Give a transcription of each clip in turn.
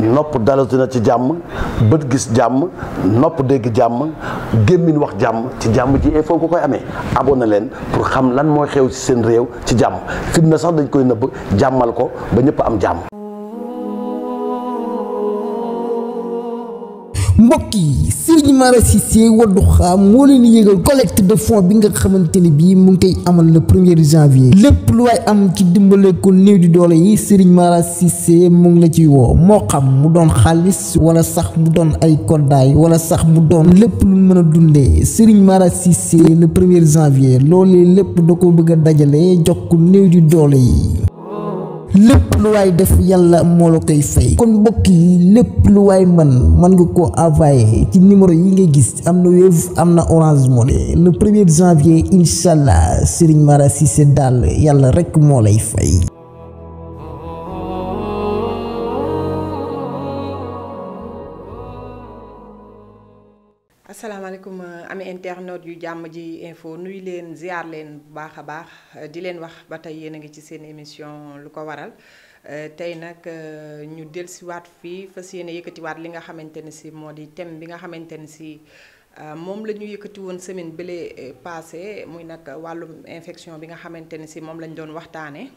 nopp dalati na ci jàmm bët gis jàmm nopp dégg jàmm gémmiñ wax jàmm ci jàmm ji e faut nga koy amee abonné leen pour xam lan mooy xew ci seen réew ci jàmm fitna sax dañ koy nëbb jàmmal ko ba ñëpp am jàmm mbokk yi Serigne Mara Cissé Wadduha moo leen yëgal collecte de fonds bi nga xamante ne bii mu ngi koy amal le premier janvier lépp lu waay am ci dimbale ko néew di doole yi Serigne Mara Cissé mu ngi la ci woo moo xam mu doon xaalis wala sax mu doon ay koddaay wala sax mu doon lépp lu mën a dundee Serigne Mara Cissé le premier janvier loolee lépp da ko bëgg a dajale jox ko néew di doole yi lépp lu waay def yàlla moo la koy fay kon mbokk yi lépp lu waay mën mën nga koo envoyé ci numéro yi nga gis am na Wave am na Orange Money le premier janvier incha allah Serigne Mara Cissé daal yàlla rek moo lay fay asalaamaaleykum euh, am internautes yu jàmm ji info nuyu leen ziar leen bu baax a baax euh, di leen wax ba tey yéen a ngi ci seen émission lu ko waral euh, tey nag ñu dellusiwaat fii fas yéene yëkkatiwaat li nga xamante ni si moo di thème bi nga xamante ne si moom la ñu yëkkati woon semaine bële passé muy nag wàllum infection bi nga xamante ne si moom lañ doon waxtaanee.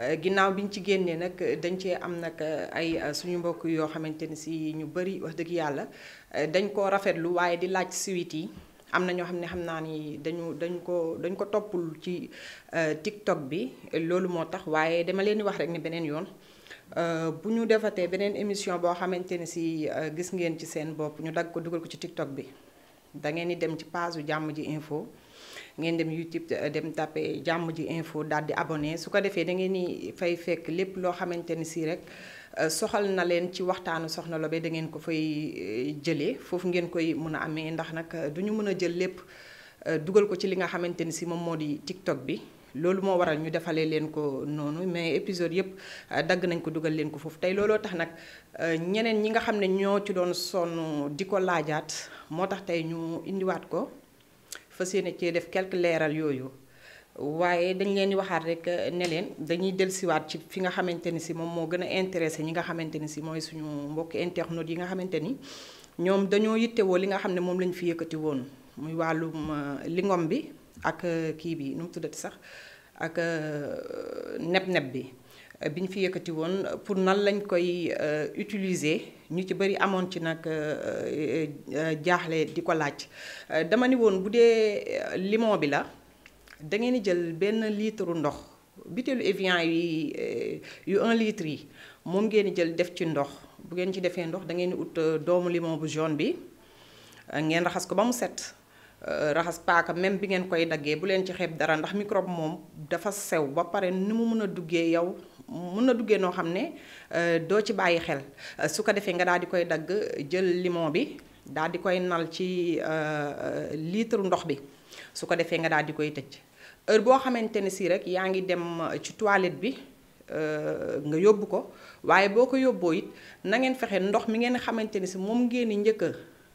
Euh, ginnaaw bi ñu ci génnee nag dañ cee am nag euh, ay euh, suñu mbokk yoo xamante ni si ñu bëri wax dëgg yàlla dañ ko rafetlu waaye di laaj suite yi am na ñoo xam ne xam naa ni dañu dañ ko dañ ko toppul ci TikTok bi loolu moo tax waaye dama leen di wax rek ne beneen yoon bu ñu defatee beneen émission boo xamante ne si gis ngeen ci seen bopp ñu dagg ko dugal ko ci TikTok bi da ngeen di dem ci page jàmm Ji info ngeen dem YouTube dem tapé jàmm ji info daal di abonné su ko defee da ngeen ni fay fekk lépp loo xamante ni si rek euh, soxal na leen ci waxtaanu Soxna Lobé da ngeen ko fay euh, jëlee foofu ngeen koy mun a amee ndax nag euh, du ñu mun a jël lépp dugal ko ci li nga xamante ni si moom moo di TikTok bi. loolu moo waral ñu defalee leen ko noonu mais épisode yëpp dagg nañ ko dugal leen ko foofu tey looloo tax nag ñeneen ñi nga xam ne ñoo ci doon sonn di ko laajaat moo tax tey ñu indiwaat ko fas yéene cee def quelques leeral yooyu waaye dañ leen di waxaat rek euh, ne leen dañuy siwaat ci fi nga xamante ni si moom moo gën a intéressé ñi nga xamante ni si mooy suñu mbokk internautes yi nga xamante ni ñoom dañoo woo li nga xam ne moom lañu fi yëkkati woon muy wàllum euh, lingom bi ak euh, kii bi nu mu tuddati sax ak neb-neb bi. bi ñu fi yëkkati woon euh, pour nan lañ koy euh, utiliser ñu ci bëri amoon ci nag euh, jaaxle di ko laaj dama ni woon bu dee limon bi la da ngeen di jël benn litre ndox butéelu Evian yi yu un litre yi moom ngeen jël def ci ndox bu ngeen ci defee ndox da ngeen ut doomu limon bu jaune bi ngeen raxas ko ba mu set. raxas paaka même bi ngeen koy daggee bu leen ci xeeb dara ndax microbe moom dafa sew ba pare ni mu mën a duggee yow mun na duggee noo xam ne euh, doo ci bàyyi xel euh, su ko defee nga daal di koy dagg jël limon bi daal di koy nal ci euh, litre ndox bi su ko defee nga daal di koy tëj heure boo xamante ne si rek yaa ngi dem ci toilette bi nga yóbbu ko waaye boo ko yóbboo it na ngeen fexe ndox mi ngeen xamante ni si moom ngeen di njëkk a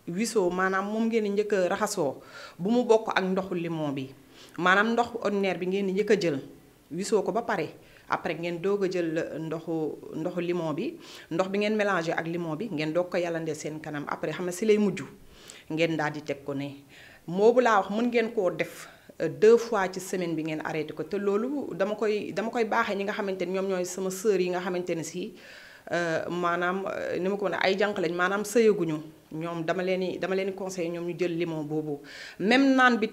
wisoo maanaam moom ngeen di njëkk a raxasoo bu mu bokk ak ndoxu limon bi maanaam ndox ordinaire bi ngeen di njëkk a jël wisoo ko ba pare. après ngeen doog a jël ndoxu ndoxu limon bi ndox bi ngeen mélangé ak limon bi ngeen doog ko yàllandee seen kanam après xam nga si lay mujj ngeen daal di teg ko ne moobu laa wax mën ngeen koo def euh, deux fois ci semaine bi ngeen arrêté ko te loolu dama koy dama koy baaxee ñi nga xamante ni ñoom ñooy sama sœur yi nga xamante ne si euh, maanaam euh, ni ma ko mën ay jànq lañ maanaam sëyaguñu ñoom dama leen i dama leen i ñoom ñu jël limon boobu même naan bi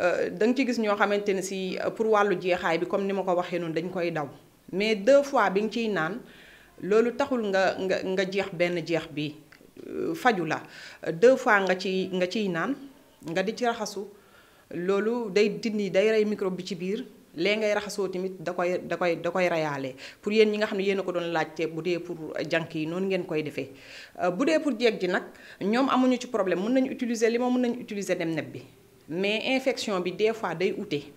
Euh, da nga ci gis ñoo xamante ne si euh, pour wàllu jeexaay bi comme ni ma ko waxee noonu dañ koy daw mais deux fois bi nga ciy naan loolu taxul nga nga nga jeex benn jeex bi euh, faju la deux fois nga ciy nga ciy naan nga di ci raxasu loolu day dindi day rey microbe bi ci biir lee ngay raxasoo tamit da koy da koy da koy rayaalee pour yéen ñi nga xam ne yéen a ko doon laajte bu dee pour jànk yi noonu ngeen koy defee bu dee pour jeeg ji nag ñoom amuñu ci problème mën nañu utiliser li ma mën nañu utiliser dem bi mais infection bi des fois day ute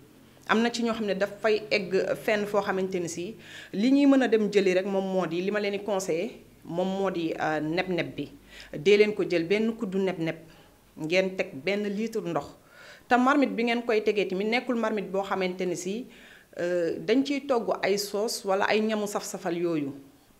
am na ci ñoo xam ne dafay egg fenn foo xamante ni si li ñuy mën a dem jëli rek moom moo di li ma leen di conseillé moom moo di euh, neb-neb bi dee leen ko jël benn kuddu neb-neb ngeen teg benn litre ndox te marmite bi ngeen koy tegee tamit nekkul marmite boo xamante ni si euh, dañ ciy togg ay soos wala ay ñamu saf-safal yooyu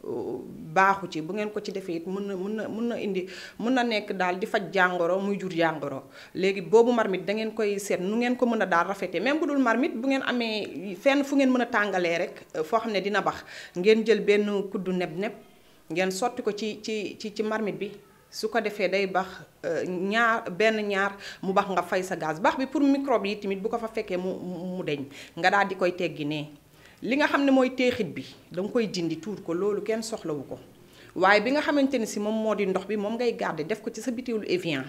baaxu ci bu ngeen ko ci defee it mën na mun na mën na indi mun na nekk daal di faj jàngoro muy jur jàngoro léegi boobu marmite da ngeen koy seet nu ngeen ko mën a daal rafetee même bu dul marmite bu ngeen amee fenn fu ngeen mën a tàngalee rek euh, foo xam ne dina bax ngeen jël benn kuddu neb-neb ngeen sotti ko ci ci ci ci marmite bi su ko defee day bax euh, ñaar benn ñaar mu bax nga fay sa gaz baax bi pour microbe yi tamit bu ko fa fekkee mu mu deñ nga daal di koy teggi li nga xam ne mooy téexit bi danga koy dindi tuut ko loolu kenn soxlawu ko waaye bi nga xamante ne si moom moo di ndox bi moom ngay garder def ko ci sa bitéelu Evian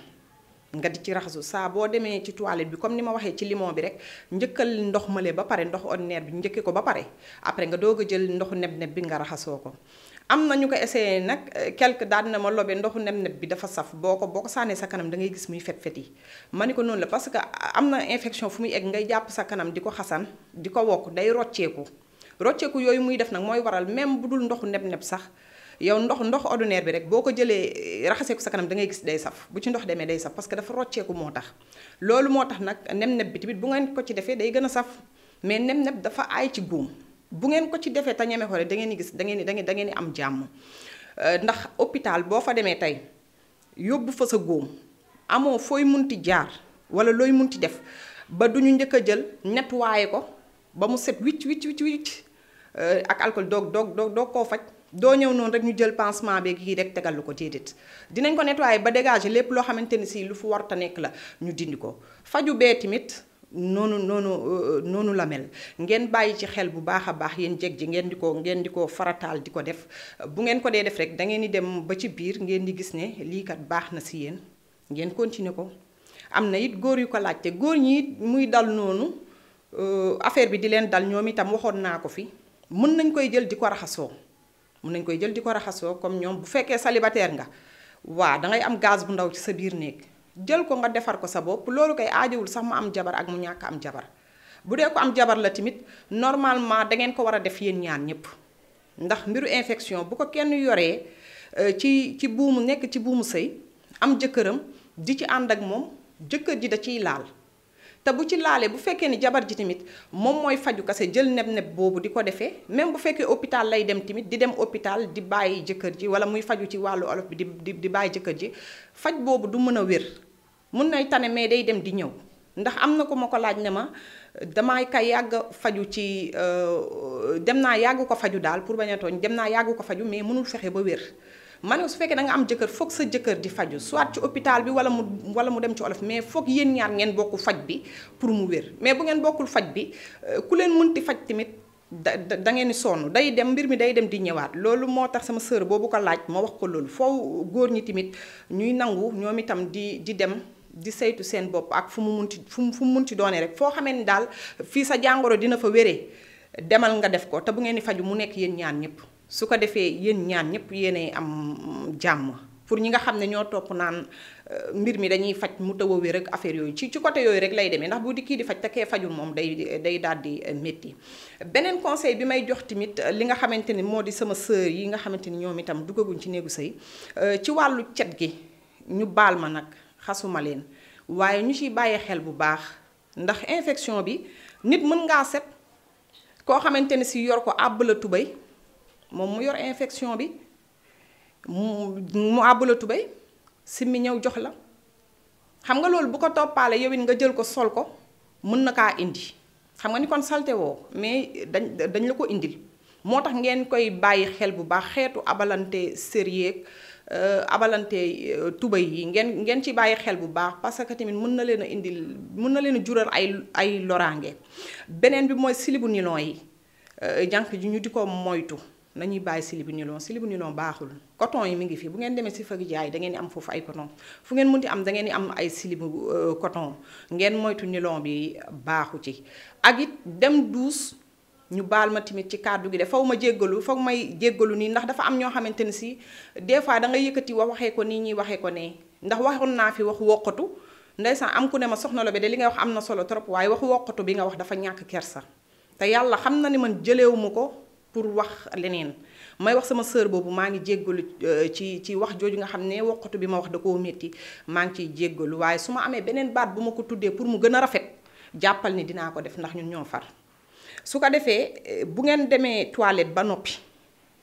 nga di ci raxasu saa boo demee ci toilette bi comme ni ma waxee ci limon bi rek njëkkal ndox male ba pare ndox ordinaire bi njëkke ko ba pare après nga doog a jël ndoxu neb-neb bi nga raxasoo ko am na ñu ko essayé nag quelque daan na ma lobe ndoxu neb-neb bi dafa saf boo ko boo ko sànnee sa kanam da ngay gis muy fet-fet yi ma ni ko noonu la parce que am na infection fu muy egg ngay jàpp sa kanam di ko xasan di ko wokk day rocceeku rocceeku yooyu muy def nag mooy waral même bu dul ndoxu neb-neb sax yow ndox ndox ordinaire bi rek boo ko jëlee eh, raxasee ko sa kanam da ngay gis day saf bu ci ndox demee day saf parce que dafa rocceeku moo tax loolu moo tax nag neb-neb bi tamit bu ngeen ko ci defee day gën a saf mais neb-neb dafa ay ci góom bu ngeen ko ci defee te ñeme ko rek da ngeen di gis dangeen ngeen dangeen da ngeen da ngeen di am jàmm euh, ndax hôpital boo fa demee tey yóbbu fa sa góom amoo fooy munti jaar wala looy munti def ba du ñu njëkk a jël nettoyé ko ba mu set wicc Euh, ak alcole doog doog doog doog koo faj doo ñëw noonu rek ñu jël pansement beeg yii rek tegal lu ko déedéet dinañ ko nettoyer ba dégager lépp loo xamante ni sii lu fu warta nekk la ñu dindi ko faju bee tamit noonu noonu euh, noonu la mel ngeen bàyyi ci xel bu baax a baax yéen jeg ji ngeen di ko ngeen di ko farataal di ko def bu ngeen ko dee def rek da ngeen di dem ba ci biir ngeen di gis ne lii kat baax na si yéen ngeen continuer ko am na it góor yu ko laajte góor ñi it muy dal noonu euh, affaire bi di leen dal ñoom itam waxoon naa ko fi mën nañ koy jël di ko raxasoo mun nañ koy jël di ko raxasoo comme ñoom bu fekkee célibataire nga waa dangay am gaz bu ndaw ci sa biir néeg jël ko nga defar ko sa bopp loolu koy aajawul sax mu am jabar ak mu ñàkk am jabar bu dee ko am jabar la tamit normalement dangeen ko war a def yéen ñaan ñëpp ndax mbiru infection bu ko kenn yoree euh, ci ci buumu nekk ci buumu sëy am jëkkëram di ci ànd ak moom jëkkër ji da ciy laal te bu ci laalee bu fekkee ne jabar ji tamit moom mooy faju kase jël neb-neb boobu di ko defee même bu fekkee hôpital lay dem tamit di dem hôpital di bàyyi jëkkër ji wala muy faju ci wàllu olof bi di di bàyyi jëkkër ji faj boobu du mën a wér mun nay tane mais day dem di ñëw ndax am na ko ma ko laaj ne ma damay ka yàgg faju ci euh, dem naa yàgg ko faju daal pour bañ a tooñ dem naa yàgg ko faju mais mënul fexe ba wér ma su fekkee danga am jëkkër foog sa jëkkër di faju soit ci hôpital bi wala mu wala mu dem ci olof mais foog yéen ñaar ngeen bokku faj bi pour mu wér mais bu ngeen bokkul faj bi euh, ku leen mun ti faj tamit da da ngeen di sonn day dem mbir mi day dem di ñëwaat loolu moo tax sama sœur boobu ko laaj ma wax ko loolu foo góor ñi tamit ñuy nangu ñoom itam di di dem. di saytu seen bopp ak fu mu munti fu mu munti doonee rek foo xamee ni daal fii sa jàngoro dina fa wéree demal nga def ko te bu ngeen di faju mu nekk yéen ñaan ñëpp. su ko defee yéen ñaan ñëpp yéenay am jàmm pour ñi nga xam ne ñoo topp naan euh, mbir mi dañuy faj mu taw a wér ak affaire yooyu ci ci côté yooyu rek lay demee ndax bu di kii di faj te kee fajul moom day day daal di euh, métti. beneen conseil bi may jox tamit euh, li nga xamante ni moo di sama sœur yi nga xamante ni ñoom itam duggaguñ ci néegu sëy ci wàllu cet gi ñu baal ma nag xasuma leen waaye ñu ciy bàyyi xel bu baax ndax infection bi nit mën ngaa set koo xamante ni si yor ko àbb tubéy moom mu yor infection bi mu mu àbb la tubéy simmi ñëw jox la xam nga loolu bu ko toppaale yow nga jël ko sol ko mën na kaa indi xam nga ni kon salte woo mais dañ dañ la ko indil moo tax ngeen koy bàyyi xel bu baax xeetu abalante sérieux abalante euh, tubéy yi ngeen ngeen ci bàyyi xel bu baax parce que tamit mën na leen a indil mën na leen a jural ay ay loraange beneen bi mooy silibu nilon yi euh, jànq ji ñu di ko moytu nañuy bàyyi silibu nilon silibu nilon baaxul coton yi mi ngi fii bu ngeen demee si fag jaay da ngeen am foofu ay coton fu ngeen munti am da am ay silibu euh, coton ngeen moytu nilon bi baaxu ci ak it dem duus ñu baal ma tamit ci kàddu gi de faw ma jéggalu foog may jéggalu nii ndax dafa am ñoo xamante ne si des fois da nga yëkkati wa waxee ko nii ñuy waxee ko ne ndax waxoon naa fi wax wokkatu ndeysaan am ku ne ma soxna Lobé de li nga wax am na solo trop waaye wax wokkatu bi nga wax dafa ñàkk kersa te yàlla xam na ni man jëleewu ko pour wax leneen may wax sama sœur boobu maa ngi jéggalu euh, ci ci wax jooju nga xam ne woqatu bi ma wax da koo métti maa ngi ciy jéggalu waaye su ma amee beneen baat bu ma ko tuddee pour mu gën a rafet jàppal ni dinaa ko def ndax ñun ñoo far su ko defee euh, bu ngeen demee toilette ba noppi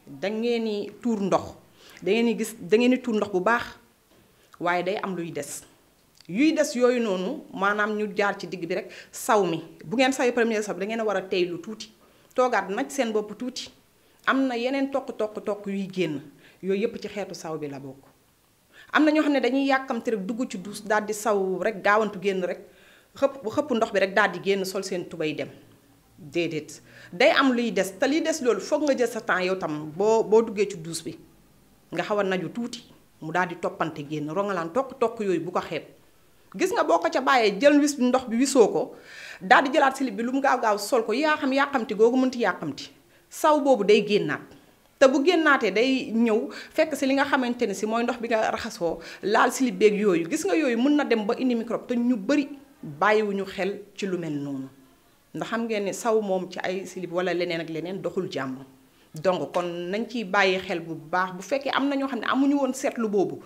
da ngeen ni tuur ndox da ngeen ni gis da ngeen ni tuur ndox bu baax waaye day am luy des yuy des yooyu noonu maanaam ñu jaar ci digg bi rek saw mi bu ngeen sawi premier saw bi da ngeen war a tey tuuti toogaat nag seen bopp tuuti am na yeneen tokk tokk tokk yuy génn yooyu yëpp ci xeetu saw bi la bokk. am na ñoo xam ne dañuy yàkkamte rek dugg ci duus daal di saw rek gaawantu génn rek xëpp xëpp ndox bi rek daal di génn sol seen tubay dem déedéet day am luy des te liy des loolu foog nga jël sa temps yow tam boo boo duggee ci duus bi nga xaw a naju tuuti mu daal di toppante génn rongalaan tokk tokk yooyu bu ko xeeb gis nga boo ko ca bàyyee jël wis ndox bi wisoo ko daal di jëlaat silib bi lu mu gaaw gaaw sol ko yaa xam yàqamti googu mënti yàqamti saw boobu day génnaat te bu génnaatee day ñëw fekk si li nga xamante ne si mooy ndox bi nga raxasoo laal silib beeg yooyu gis nga yooyu mën na dem ba indi microbe te ñu bëri bàyyiwuñu xel ci lu mel noonu ndax xam ngeen ne saw moom ci ay silib wala leneen ak leneen doxul jàmm donc kon nañ ciy bàyyi xel bu baax bu fekkee am na ñoo xam ne amuñu woon seetlu boobu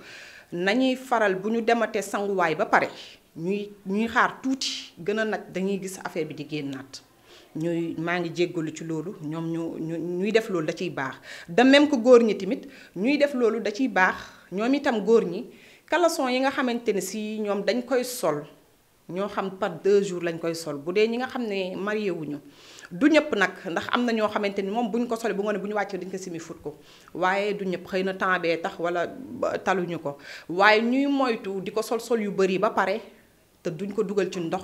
nañuy faral bu ñu dematee sanguwaay ba pare ñuy ñuy xaar tuuti gën a nag dañuy gis affaire bi di nat ñuy maa ngi jéggalu ci loolu ñoom ñu ñuy def loolu da ciy baax de même que góor ñi tamit ñuy def loolu da ciy baax ñoom itam góor ñi caleçon yi nga xamante ne si ñoom dañ koy sol ñoo xam par deux jours lañ koy sol bu dee ñi nga xam ne marié wuñu du ñëpp nag ndax am na ñoo xamante ni moom buñ ko solee bu nga ne bu ñu wàccee dañ ko simi fut ko waaye du ñëpp xëy na temps bee tax wala taluñu ko waaye ñuy moytu di ko sol sol yu bëri ba pare te duñ ko dugal ci ndox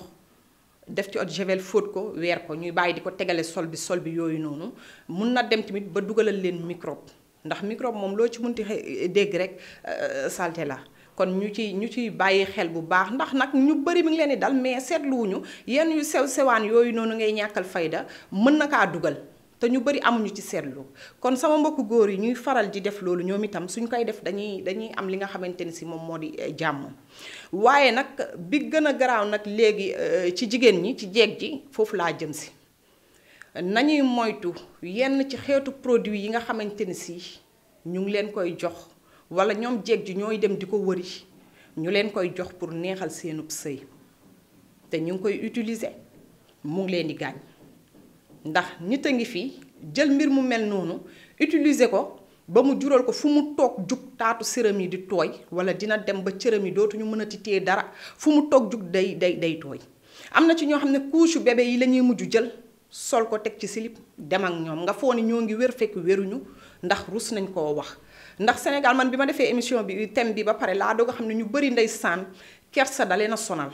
def ci ot de javel fóot ko weer ko ñuy bàyyi di ko tegale sol bi sol bi yooyu noonu mun na dem tamit ba dugalal leen microbe ndax microbe moom loo ci mun munti dégg rek euh, salte la kon ñu ci ñu ciy bàyyi xel bu baax ndax nag ñu bëri mu ngi leen di dal mais seetluwuñu yenn yu sew sewaan yooyu noonu ngay ñàkkal fayda mën na kaa dugal te ñu bëri amuñu ci seetlu kon sama mbokku góor yi ñuy faral di def loolu ñoom itam suñ koy def dañuy dañuy am li nga xamante ni si moom moo di eh, jàmm waaye nag bi gën a garaaw nag léegi eh, ci jigéen ñi ci jeeg ji foofu laa jëm si nañuy moytu yenn ci xeetu produit yi nga xamante ni si ñu ngi leen koy jox wala ñoom jeeg ji ñooy dem di ko wëri ñu leen koy jox pour neexal seenub sëy te ñu ngi koy utiliser mu ngi leen di gaañ ndax nit a ngi fii jël mbir mu mel noonu utiliser ko ba mu jural ko fu mu toog jug taatu séram yi di tooy wala dina dem ba cëram yi dootuñu mën a ti téye dara fu mu toog jug day day day tooy am na ci ñoo xam ne couche bébé yi la ñuy mujj jël sol ko teg ci silip dem ak ñoom nga foo ni ñoo ngi wér fekk wéruñu ndax rus nañ koo wax ndax Sénégal man bi ma defee émission bi thème bi ba pare laa doog xam ne ñu bëri ndeysaan kersa da leen a sonal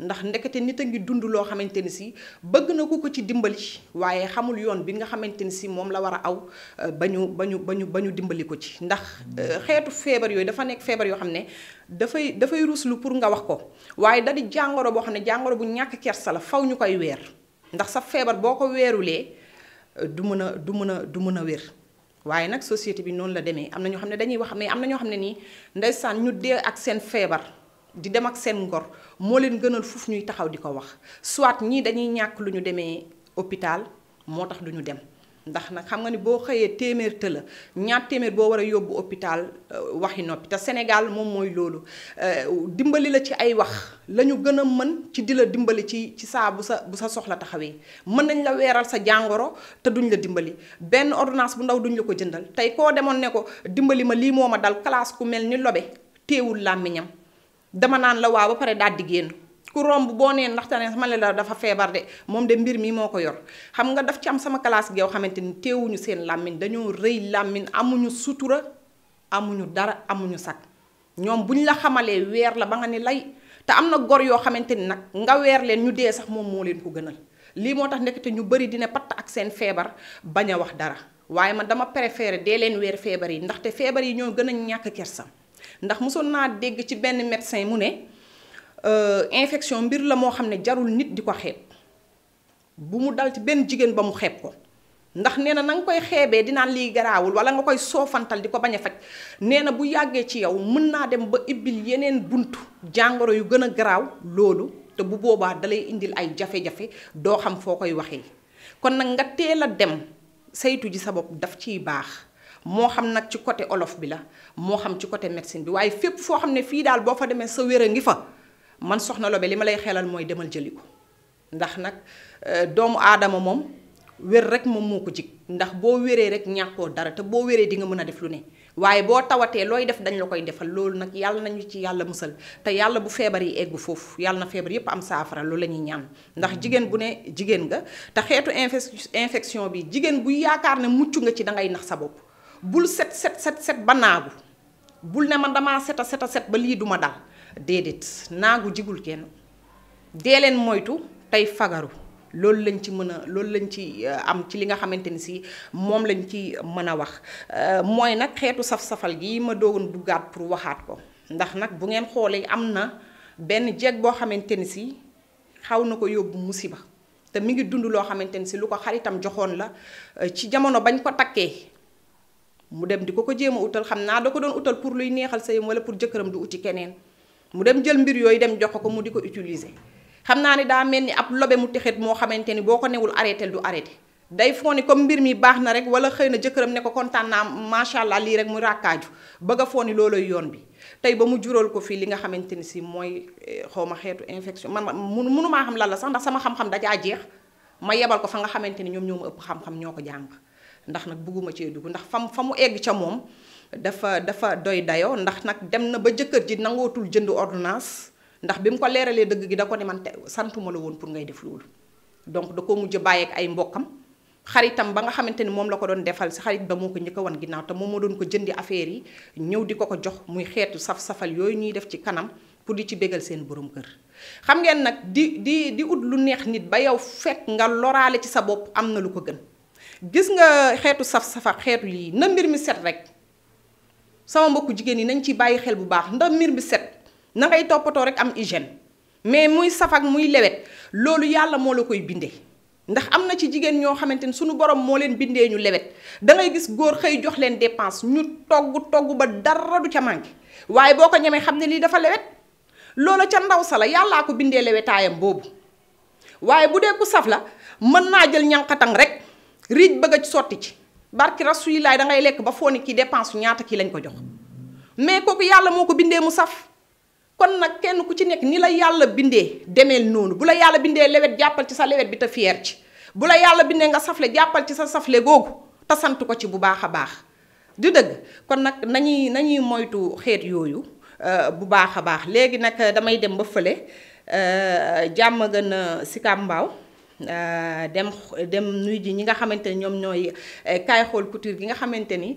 ndax ndekete nit a ngi dund loo xamante ni si bëgg na ku ko ci dimbali waaye xamul yoon bi nga xamante ni si moom la war a aw euh, ba ñu ba ñu ba ñu dimbali ko ci ndax euh, xeetu feebar yooyu dafa nekk feebar yoo xam ne dafay dafay ruslu pour nga wax ko waaye da jàngoro boo xam ne jàngoro bu ñàkk kersa la faw ñu koy weer ndax sa feebar boo ko weerulee euh, du mën a du mën a du mën a wér waaye nag société bi noonu la demee am na ñoo xam ne dañuy wax mais am na ñoo xam ne nii ndeysaan ñu dee ak seen feebar di dem ak seen ngor moo leen gënal fuuf ñuy taxaw di ko wax soit ñii dañuy ñàkk lu ñu demee hôpital moo tax du ñu dem ndax nag xam nga ni boo xëyee téeméer të la ñaar téeméer boo war a yóbbu hôpital euh, waxi noppi te Sénégal moom mooy loolu euh, dimbali la ci ay wax lañu gën a mën ci di la dimbali ci ci saa sa bu sa soxla taxawee mën nañ la weeral sa jàngoro te duñ la dimbali benn ordonnance bu ndaw duñ la ko jëndal tey koo demoon ne ko dimbali ma lii moo ma dal classe ku mel ni lobe téewul làmmiñam dama naan la waaw ba pare daal di génn ku romb boo nee ndaxte ne sama la dafa feebar de moom de mbir mi moo ko yor xam nga daf ci am sama classe gi xamante ni teewuñu seen làmmiñ dañoo rëy làmmiñ amuñu sutura amuñu dara amuñu sag ñoom buñ la xamalee weer la ba nga ni lay te am na gor yoo xamante ni nag nga weer leen ñu dee sax moom moo leen ko gënal lii moo tax nekk te ñu bëri dina patt ak seen feebar bañ a wax dara waaye man dama préféré dee leen weer feebar yi ndaxte feebar yi ñoo gën a ñàkk kersam ndax mosoon naa dégg ci benn médecin mu ne euh, infection mbir la moo xam ne jarul nit di ko xeeb bu mu dal ci benn jigéen ba mu xeeb ko ndax nee na na nga koy xeebee dinaa lii garaawul wala nga koy soofantal di ko bañ a faj nee na bu yàggee ci yow mën naa dem ba ibbil yeneen buntu jàngoro yu gën a garaaw loolu te bu boobaa dalay indil ay jafe-jafe doo xam foo koy waxee kon nag nga teel a dem saytu ji sa bopp daf ciy baax moo xam nag ci côté olof bi la moo xam ci côté médecine bi waaye fépp foo xam ne fii daal boo fa demee sa wér a ngi fa man soxna Lobé li ma lay xelal mooy demal jëli ko ndax nag euh, doomu aadama moom wér rek moom moo ko jig ndax boo wéree rek ñàkkoo dara te boo wéree di nga mën a def lu ne waaye boo tawatee looy def dañ la koy defal loolu nag yàlla nañu ci yàlla musal te yàlla bu feebar yi eggu foofu yàlla na feebar yépp am saafara loolu la ñuy ñaan ndax jigéen bu ne jigéen nga te xeetu infection bi jigéen buy yaakaar ne mucc nga ci dangay nax sa bopp bul set set set set ba naagu bul ne man damaa set a set a set ba lii duma dal déedéet naagu jigul kenn dee leen moytu tey fagaru loolu lañ ci mën a loolu lañ ci euh, am ci li nga xamante ni si moom lañ ci mën a wax euh, mooy nag xeetu saf-safal gi ma doogoon duggaat pour waxaat ko ndax nag bu ngeen xoolee am na benn jeeg boo xamante ni si xaw na ko yóbbu musiba te mu ngi dund loo xamante ni si lu ko xaritam joxoon la euh, ci jamono bañ ko takkee mu dem di ko ko jéema utal xam naa da ko doon utal pour luy neexal sëyam wala pour jëkkëram du uti keneen mu dem jël mbir yooyu dem jox ko ko mu di ko utiliser xam naa ne daa mel ni ab lobe mu texet moo xamante ni boo ko newul arrêté du arrêté day foo comme mbir mi baax na rek wala xëy na jëkkëram ne ko kontaan macha allah lii rek mu ràkkaaju bëgg a foo ni looloy yoon bi tey ba mu jural ko fii li nga xamante ni si mooy eh, xaw xeetu infection man mun mënumaa xam lalla la sax ndax sama xam-xam dajaa jeex ma yebal ko fa nga xamante ni ñoom ñoo ma ëpp xam-xam ñoo ko jàng ndax nag bugguma cee dugg ndax fam fa mu egg ca moom dafa dafa doy dayoo ndax nag dem na ba jëkkër ji nangootul jënd ordinance ndax bi mu ko leeralee dëgg gi da ko demante santuma la woon pour ngay def loolu donc da ko mujj bàyyi ay mbokkam xaritam ba nga xamante ni moom la ko doon defal si xarit ba moo ko njëkk a wan ginnaaw te moom ma doon ko jëndi affaire yi ñëw di ko ko jox muy xeetu saf-safal yooyu ñuy def ci kanam pour di ci bégal seen borom kër xam ngeen nag di di di ut lu neex nit ba yow fekk nga loraale ci sa bopp am na lu ko gën gis nga xeetu saf-safa xeetu lii na mbir mi set rek sama mbokku jigéen yi nañ ci bàyyi xel bu baax ndax mbir mi set na ngay toppatoo rek am hygiène mais muy saf ak muy lewet loolu yàlla moo la koy bindee ndax am na ci jigéen ñoo xamante ni suñu borom moo leen bindee ñu lewet da gis góor xëy jox leen dépense ñu togg togg ba dara du ca manqué waaye boo ko ñemee xam ne lii dafa lewet loolu ca ndaw sa la yàllaa ko bindee lewetaayam boobu waaye bu dee ku la mën naa jël ñànqatang rek riij bëgg a sotti ci barki rasulilaay da ngay lekk ba foo ni kii dépense ñaata kii lañ ko jox mais kooku yàlla moo ko bindee mu saf kon nag kenn ku ci nekk ni la yàlla bindee demeel noonu bu la yàlla bindee lewet jàppal ci sa lewet bi te fier ci bu la yàlla bindee nga safle jàppal ci sa safle googu tasant ko ci bu baax a baax du dëgg kon nag nañuy nañuy moytu xeet yooyu euh, bu baax a baax léegi nag damay dem ba fële euh, jàmm gën a si Euh, dem dem ji ñi nga xamante ni ñoom ñooy euh, kaay xool couture gi nga xamante ni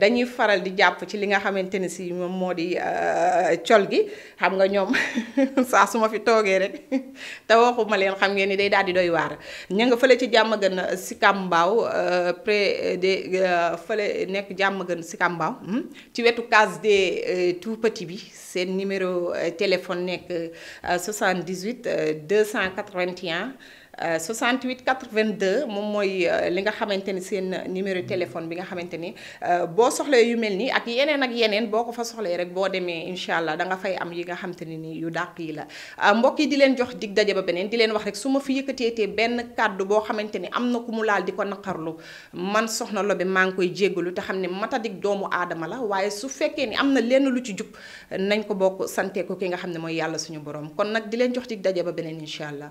dañuy faral di jàpp ci li nga xamante ni si moom moo di euh, col gi xam nga ñoom saa su ma fi toogee rek te waxuma leen xam ngeen ni day daal di doy waar ña nga fële ci jàmm gën si kàmbaaw près de fële nekk jàmm gën si hmm, ci wetu case des tout pati bi seen numéro téléphone nekk 78 281 68 euh, 82 moom mooy euh, li nga xamante ni seen euh, numéro téléphone bi nga xamante ni boo soxlee yu mel nii ak yeneen ak yeneen boo ko fa soxlee rek boo demee incha allah da nga fay am yi nga xamante ni nii yu dàq yi la mbokk yi di leen jox dig daje ba beneen di leen wax rek su ma fi yëkkateetee benn kàddu boo xamante ni am na ku mu laal di ko naqarlu man soxna Lobé maa ngi koy jéggalu te xam ne matadik doomu aadama la waaye su fekkee ni am na lenn lu ci jub nañ ko bokk santee ki nga xam ne mooy yàlla suñu borom kon nag di leen jox dig daje ba beneen incha allah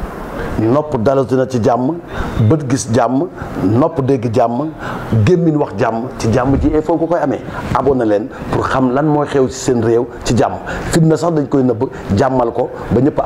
nopp dalati na ci jàmm bët gis jàmm nopp dégg jàmm gémmiñ wax jàmm ci jàmm ji il faut ko koy amee abonné leen pour xam lan mooy xew ci seen réew ci jàmm fitna sax dañ koy nëbb jàmmal ko ba ñëpp